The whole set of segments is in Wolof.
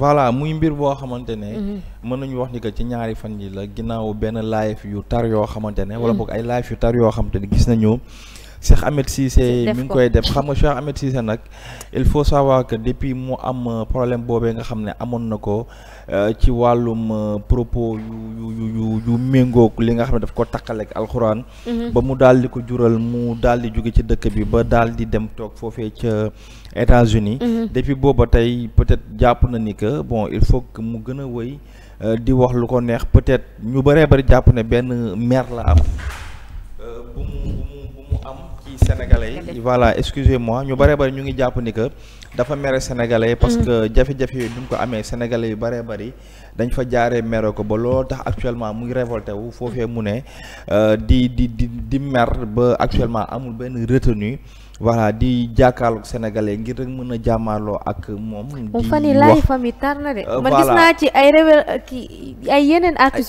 voilà muy mbir boo xamante ne. Mhm. mën nañu wax ni que ci ñaari fan yi la ginnaaw benn live yu tar yoo xamante ne. wala mhm. boog ay live yu tar yoo xamante ne gis nañu. Cheikh Ahmed Cissé mi ngi koy dem xam nga Cheikh Ahmed Cissé nag il faut savoir que depuis mu am euh, problème boobee nga xam ne amoon na ko euh, ci wàllum euh, propos yu yu yu yu méngoog li nga xam ne daf ko takkaleeg alxuraan. Mhm. ba mu daal di ko jural mu daal di jóge ci dëkk bi ba daal di dem toog foofee ca États-Unis mhm. depuis booba tey peut-être jàpp na ni que bon il faut que mu gën a wëy di wax lu ko neex peut-être ñu bëree bëri jàpp ne benn mer la am. sénégalais yi voilà excusez-moi ñu bëree bëri ñu ngi jàpp ni que dafa mere sénégalais parce mm. que jafe-jafe yooyu bi mu ko amee sénégalais yu bëree bëri dañ fa jaaree mere ko ba loolu tax actuellement muy révolté wu foofee mu ne euh, di di di di mer ba actuellement amul benn retenu voilà di jàkkaarloog sénégale ngir rek mën a jàmmaaloo ak moom. di fan yi laay fam tar na de. Euh, man naa ci ay révél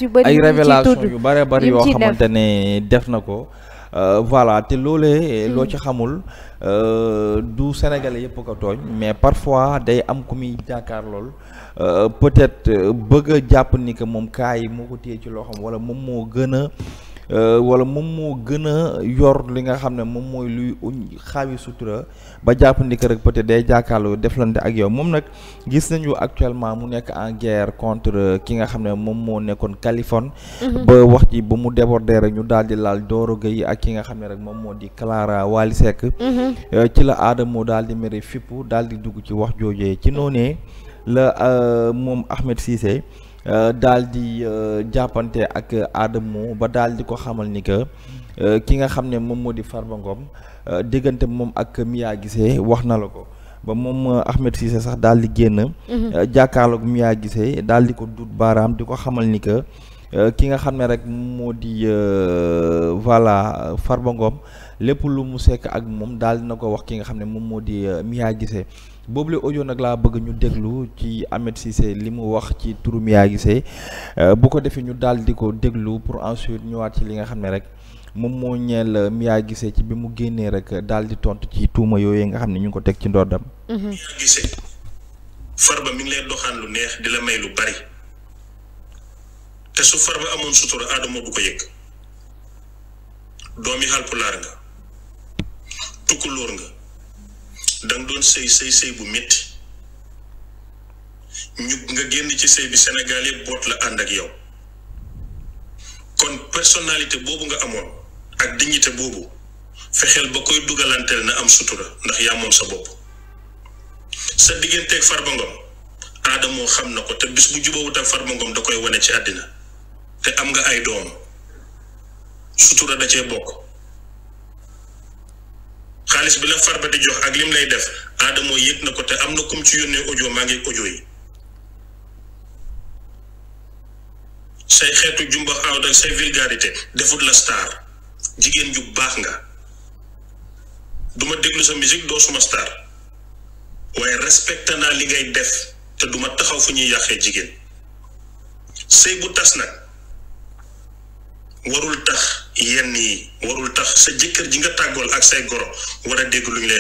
yu bëri. révélation yu bëree bëri yoo xamante ne def na ko. Euh, voilà te loolee eh, hmm. loo ci xamul euh, du sénégalais yëpp ko tooñ mais parfois day am ku muy jàkkaar lool euh, peut-être bëgg jàpp ni que moom kaa yi moo ko téye ci loo xam wala moom moo gën a Euh, wala moom moo gën a yor li nga xam ne moom mooy luy xaawi sutura ba jàpp rek peut-être day jàkkaarloo deflante ak yow moom nag gis nañu actuellement mu nekk en guerre contre ki nga xam ne moom moo nekkoon Californie. Mhm. ba wax ji ba mu déborder rek ñu daal di laal Doro yi ak ki nga xam ne rek moom moo di Clara Wally Seck. Mhm. Euh, ci la Adamo daal di mere fippu daal di dugg ci wax joojee ci noonee la euh, moom Ahmed Cissé. Euh, daal di euh, jàppante ak Adamo ba daal di ko xamal ni que euh, ki nga xam ne moom moo di Farba Ngom diggante moom ak Mia gisee wax na la ko ba moom Ahmed Cissé sax daal di génn. Mhm. jàkkaarloog Mia gisee daal di ko dut baaraam di ko xamal ni que. ki nga xam ne rek moo di voilà Farba lépp lu mu sekk ak moom daal na ko wax ki nga xam ne moom moo di Mia gisee boobule audio nag laa bëgg ñu déglu ci Ahmed Cissé li mu wax ci turum yaa gisee euh, bu ko defee ñu daal di ko déglu pour ensuite ñëwaat ci li nga xam ne rek moom moo ñeel euh, Mia Guissé ci bi mu génnee rek daal di tontu ci tuuma yooyu nga xam ne ñu ko teg ci ndoddam. Mm-hmm. Mia may lu bari te su Farba amoon sutura Adama du ko yëg doomi Haalpulaar nga Tukulóor nga. danga doon sëy sëy sëy bu metti ñu nga génn ci sëy bi Sénégal yëpp boot la ànd ak yow kon personnalité boobu nga amoon ak dignité boobu fexeel ba koy dugalanteel na am sutura ndax yaa moom sa bopp sa digganteeg Farba aadamoo xam na ko te bis bu jubawut ak Farba Ngom da koy wane ci àddina te am nga ay doom sutura da cee bokk xaalis bi la farba di jox ak lim lay def aadamoo yëg na ko te am na comme ci yónnee audio maa ngi audio yi say xeetu jumbax awd ak say vulgarité defut la star jigéen ju baax nga duma déglu sa musique doo suma star waaye respecté naa li ngay def te duma taxaw fu ñuy yàqee jigéen sëy bu tas nag warul tax yenn yi warul tax sa jëkkër ji nga tàggool ak say goro war a dégg lu ñu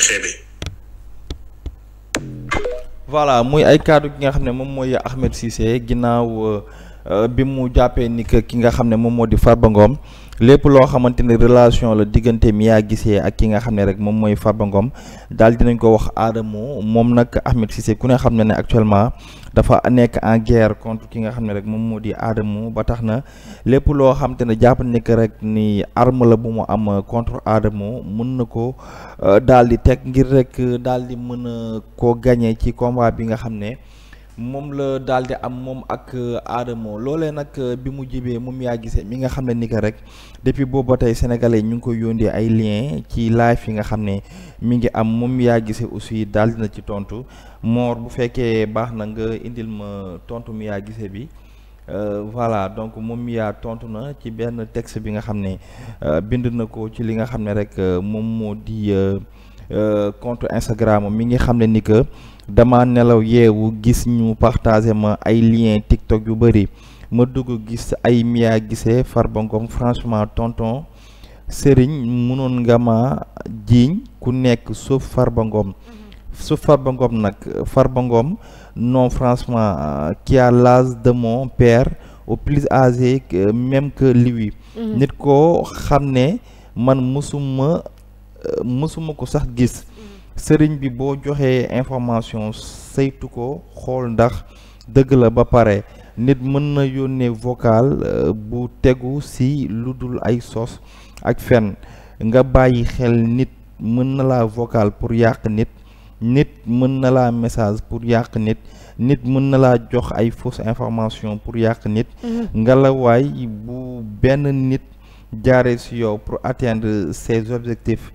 voilà muy ay kaddu gi nga xam ne moom mooy Ahmed Cissé ginnaaw euh, euh, bi mu jàppee ni ki nga xam ne moom moo di Farba Ngom lépp loo xamante ne relation la diggante mi yaa gisee ak ki nga xam ne rek moom mooy Farba Ngom daal dinañ ko wax aadamoo moom nag Ahmed Cissé ku ne xam ne ne actuellement dafa nekk en guerre contre ki nga xam ne rek moom moo di Adamo ba tax na lépp loo xam te ne jàpp ne que rek nii arme la bu mu am contre Adamo mën na ko euh, daal di teg ngir rek euh, daal di mën a koo gagné ci combat bi nga xam ne moom la daal di am moom ak aadama euh, loolee nag euh, bi mu jibee moom yaa gisee mi nga xam ne ni que rek depuis booba tey sénégalais ñu ngi ko yóndee ay lien ci live yi nga xam ne mi ngi am moom yaa gisee aussi daal na ci tontu moor bu fekkee baax na nga indil ma tontu mu yaa gisee bi euh, voilà donc moom yaa tontu na ci benn texte bi nga xam ne bind na ko ci li nga xam ne rek moom moo di compte euh, Instagram mi ngi xam ne ni que dama nelaw yeewu gis ñu partagé ay lien TikTok yu bëri ma dugg gis ay Mia Guissé Farba Ngom franchement tonton Serigne mënoon nga ma jiiñ ku nekk sauf Farba Ngom mhm. sauf nag Farba non franchement qui a l'âge de mon père au plus âgé même que lui mhm. nit ko xam ne man mësuma mësuma ko sax gis sëriñ bi boo joxee information saytu ko xool ndax dëgg la ba pare nit mën na yónnee vocal euh, bu tegu ci lu dul ay sos ak fen nga bàyyi xel nit mën na laa vocal pour yàq nit nit mën na laa message pour yàq nit nit mën na laa jox ay fausse information pour yàq nit mm-hmm. ngelawaay bu benn nit jaare ci yow pour atteindre ses objectifs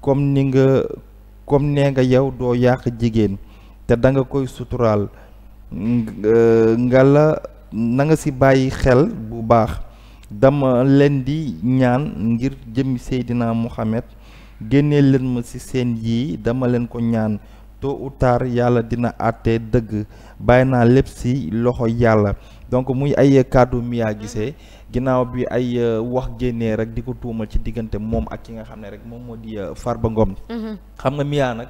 comme ni nga comme nee nga yow doo yàq jigéen te da nga koy suturaal nga la na ci bàyyi xel bu baax dama leen di ñaan ngir jëmmi Seydina Muhammad génne leen ma ci seen yii dama leen ko ñaan tôt ou tard yàlla dina àtte dëgg bàyyi naa lépp si loxo yàlla donc muy ay kàddu Mia gisee ginnaaw bi ay euh, wax génnee rek di ko tuumal ci diggante moom ak ki nga xam ne rek moom moo di euh, Farba Ngom mm-hmm. xam nga Mia nag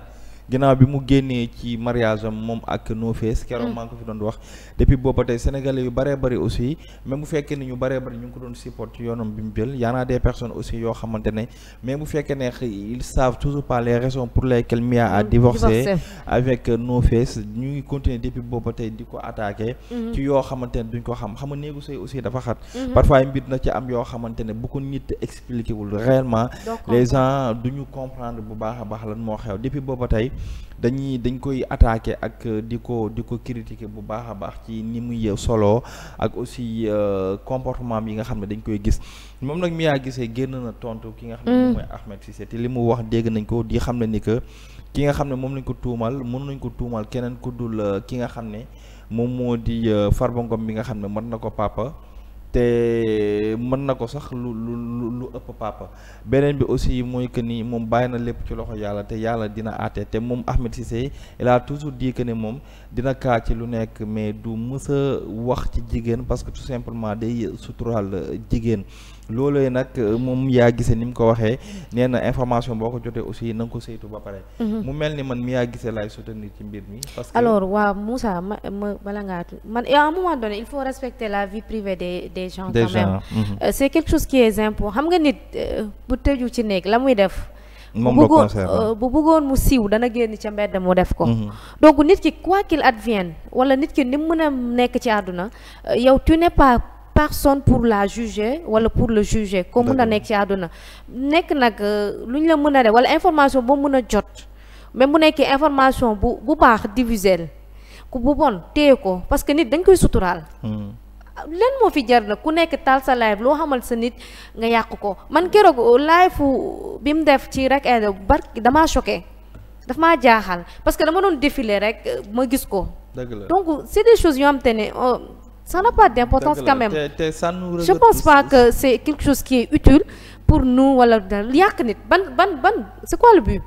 ginnaaw bi mu génnee ci mariage moom ak No Face keroog mm. maa ngi ko fi doon wax depuis booba tey sénégalais yu baree bari aussi même bu fekkee ne ñu bare bari ñu ngi ko doon support ci yoonam bi mu jël y en a des aussi yoo xamante ne mais bu fekkee ne ils savent toujours pas les raisons pour lesquelles Mia a mm, divorcé avec euh, No Face ñu ngi continuer depuis booba tey di ko attaqué mm-hmm. ci yoo xamante ne duñ ko xam xam nga néegu sëy aussi dafa xat mm-hmm. parfois mbir na ci am yoo xamante ne bu ko nit expliqué wul réellement les gens duñu comprendre bu baax a baax lan moo xew depuis booba tey dañuy dañ koy attaqué ak euh, di ko di ko critiqué bu baax a baax ci ni muy solo ak aussi euh, comportement yi nga xam ne dañ koy gis moom nag Mia gisee génn na tontu ki nga xam ne mm. mooy li mu wax dégg nañ ko di xam ne ni que ki nga xam ne moom lañ ko tuumal mën nañ ko tuumal keneen ku dul euh, ki nga xam ne moom moo di Farba Ngom bi nga xam ne mat na ko papa te mën na ko sax lu lu lu ëpp papa beneen bi aussi mooy que ni moom bàyyi na lépp ci loxo yàlla te yàlla dina àtte te moom Ahmed Cissé il a toujours dii que ne moom dina kaa ci lu nekk mais du mës a wax ci jigéen parce que tout simplement day suturaal jigéen. loolee nag euh, moom yaa gisee ni mu ko waxee nee na information boo ko jotee aussi na nga ko saytu ba pare. Mhm. mu mel ni man mi yaa gisee laay soutenir ci mbir mi. parce que alors waaw Moussa ma ma bala man à un moment donné la vie des des gens. des quand mhm. euh, xam nga nit euh, bu tëju ci néeg la muy def. moom la concerne bu bëggoon mu siiw dana génn ca mbedd mu def ko. Mhm. donc nit ki quoi qu'il advienne wala ki ni mu a nekk ci àdduna yow tu n'es pas. personne pour la juger wala pour le juger ko mun a nekk ci àdduna nekk nag euh, lu ñu la mën a def wala information boo mën a jot même bu nekkee information bu bu baax diviser ku bu bon téye ko parce que nit dañ koy suturaal hmm. len moo fi jar na ku nekk taal sa live loo xamal sa nit nga yàq ko man keroog euh, live bi mu def ci rek ay bar damaa choqué daf maa jaaxal parce que dama doon défiler rek euh, ma gis ko donc c'est des choses yoo xam te ne ça n'a pas d'importance quand même je pense pas que c'est quelque chose qui est utile pour nous wala daal yàq nit ban ban ban c'est quoi le but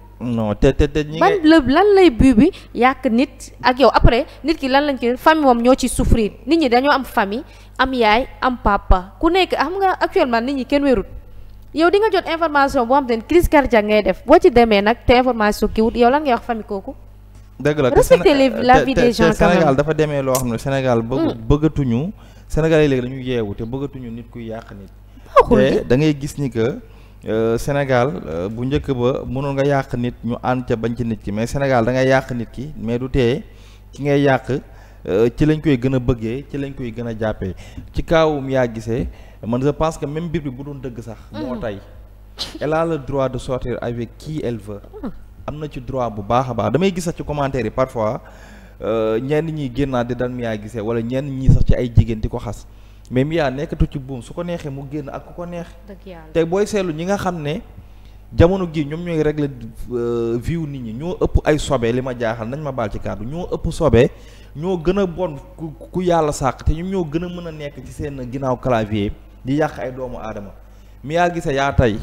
ban lëb lan lay bu bi yàq nit ak yow après nit ki lan lañ ci famille moom ñoo ci souffrir nit ñi dañoo am famille am yaay am papa ku nekk am nga actuellement nit ñi kenn wérut yow di nga jot information boo xam te ne crise ngay def boo ci demee nag te information ki wut yow lan ngay wax famille kooku dëgg la respecter la dafa demee loo xam ne Sénégal mm. ba bëggatuñu Sénégal yi léegi dañu yeewu te bëggatuñu nit kuy yàq nit te da ngay gis ni que euh, Sénégal euh, bu njëkk ba mënoon nga yàq nit ñu ànd bañ ci nit ki mais Sénégal da ngay yàq nit ki mais du tee ki ngay yàq euh, ci lañ koy gën a bëggee ci lañ koy gën a jàppee ci kaawum yaa gisee man je pense que même bi bu doon dëgg sax moo mm. tey elle droit de sortir avec qui elle am na ci droit bu baaxa baax damay gis sax ci commentaire yi parfois euh, ñeen ñi génnaat di daan Mia gisee wala ñenn ñi sax ci ay jigéen di ko xas mais Mia nekkatu ci buum su ko neexee mu génn ak ku ko neex. te booy seetlu ñi nga xam ne jamono gi ñoom ñooy régler euh, view nit ñi ñoo ëpp ay sobe li ma jaaxal nañ ma baal ci kàddu ñoo ëpp sobe ñoo gën a bon ku ku yàlla sàq te ñoom ñoo gën a mën a nekk ci seen ginnaaw clavier di yàq ay doomu aadama tey.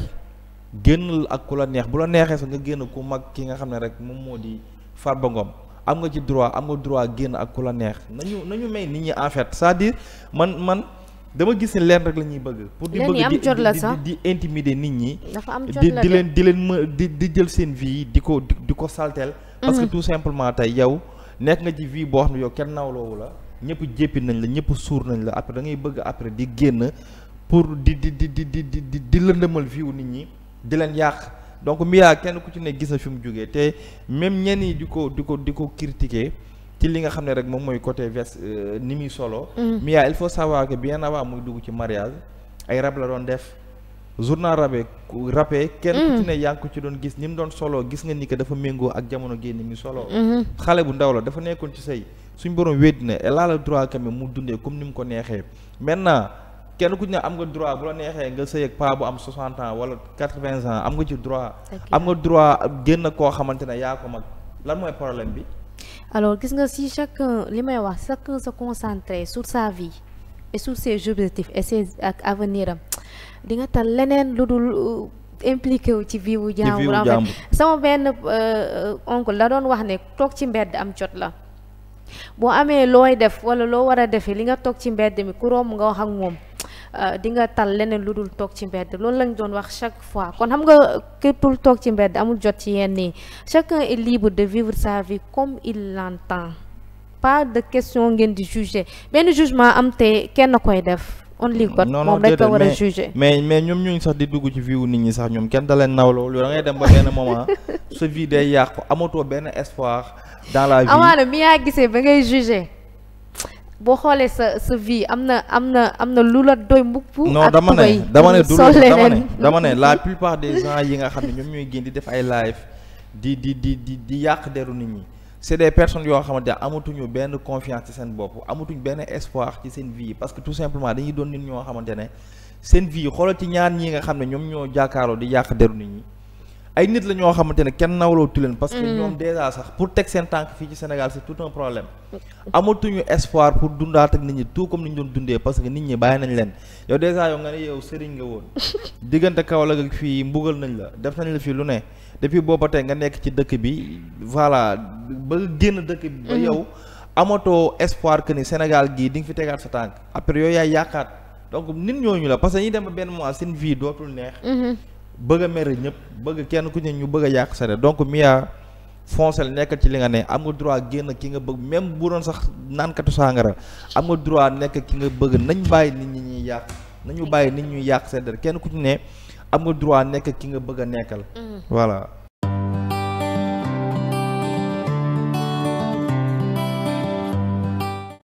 génn ak ku la neex bu la neexee sax nga génn ku mag ki nga xam ne rek moom moo di Farba Ngom am nga ci droit am nga droit génn ak ku la neex nañu nañu may nit ñi en fait cest à man man dama gis ni leen rek la ñuy bëgg pour di bëgg di intimider nit ñi dafa di di leen di leen më di di jël seen vie di ko di ko salteel parce que mhm. tout simplement tey yow nekk nga ci vie boo xam ne yow kenn nawloowu la ñëpp jéppi nañ la ñëpp suur nañ la après da ngay bëgg après di génn pour di di di di di di di lëndëmal vie wu nit ñi di leen yàq donc Mia kenn ku ci ne gis na fi mu jógee te même ñenni di ko di ko di ko critiquer ci li nga xam ne rek moom mooy côté veste euh, ni muy solo. Mm. Mia il faut bi que bien avant muy dugg ci mariage ay rab la doon def. journal rabe rappe kenn ku ci mm. ne yaa ngi ko ci doon gis ni mu doon solo gis nga ni que dafa méngoo ak jamono gi ni mu soloo mm-hmm. xale bu ndaw la dafa nekkoon ci sëy suñ borom wéet na elle a le droit quand mu dundee comme ni mu ko neexee maintenant kenn ku ne am nga droit bu la neexee nga sëy ak paa bu am 60 ans wala 80 ans am nga ci droit. am nga droit génn koo xamante ne yaa ko mag lan mooy problème bi. alors gis nga ci chaque li may wax chacun se concentrer sur sa vie et sur ses objectifs et ses ak avenir am di nga tal leneen lu dul euh, impliqué wu ci vie wu jàmbur en sama benn euh, oncle la doon wax ne toog ci mbedd am cot la. boo amee looy def wala loo war a defee li nga toog ci mbedd mi ku romb nga wax ak moom. Euh, di nga tal leneen lu dul toog ci mbedd loolu lañ doon wax chaque fois kon xam nga képpul toog ci mbedd amul jot ci yenn yi chacun est libre de vivre sa vie comme il l'entend pas de question ngeen di juger benn jugement am te kenn koy def only God moom rek ko war a juger mais mais ñoom ñu ngi sax di dugg ci vie nit ñi sax ñoom kenn da leen naw loolu da ngay dem ba benn moment sa vie day yàqu amatoo benn espoir dans la vie amaana mi yaa gisee ba boo xoolee sa sa vie am na am na am na lu la doy mbubbu. non dama ne dama ne du dama ne dama ne la plupart des gens yi nga xam ne ñoom ñooy génn di def ay live di di di di di yàq deru nit ñi c'est des personnes yoo xamante ne amatuñu benn confiance ci seen bopp amatuñu benn espoir ci seen vie parce que tout simplement dañuy doon nit ñoo xamante ne seen vie xoolal ci ñaar ñi nga xam ne ñoom ñoo jàkkaarloo di yàq deru nit ñi. ay nit la ñoo xamante ne kenn nawlootu leen parce que mm-hmm. ñoom déjà sax pour teg seen tànk fii ci Sénégal c'est tout un problème mm-hmm. amatuñu espoir pour dundaat ak nit ñi tout comme ni ñu doon dundee parce que nit ñi bàyyi nañ leen yow déjà yow nga yow sëriñ nga woon diggante Kaolack fii mbugal nañ la def nañ la fii lu ne depuis booba tey nga nekk ci dëkk bi voilà ba génn dëkk bi mm-hmm. yow amatoo espoir que Sénégal gii di nga tegaat sa tànk après yooyu yaay yaakaat donc nit ñooñu la parce que ñuy dem ba benn mois seen vie dootul neex bëgg a mere ñëpp bëgg kenn ku ne ñu bëgg a yàq sa donc Mia foncel nekkal ci li nga ne am nga droit génn ki nga bëgg même bu doon sax naankatu sàngara am nga droit nekk ki nga bëgg nañ bàyyi nit ñi ñuy yàq nañu bàyyi nit ñuy yàq seen der kenn ku ci ne am nga droit nekk ki nga bëgg a nekkal. Mm. voilà.